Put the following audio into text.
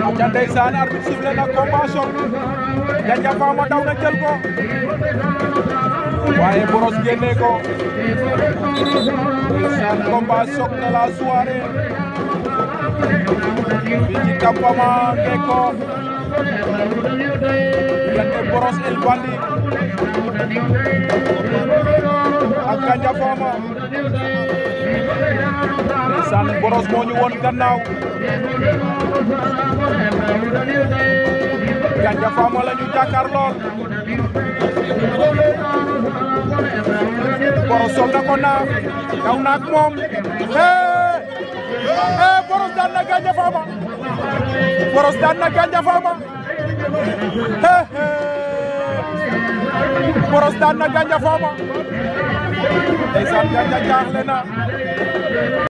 aca ndeysaan arbitre sifflé na combat choc Gandia Fama daw na jël ko waaye boros génne ko ndeysaan combat choc de la soirée bi ci Kampama Ngeko diggante boros El Bandi ak Gandia Fama ndeysaan boros moo ñu woon gannaaw Gandia Fama la ñu jàkkaar lool Boros sol na ko naaf daw na ak moom eh eh Boros daan na Gandia Fama Boros daan na Gandia Fama eh eh Boros daan na Gandia Fama ndeysaan Gandia jaaxle na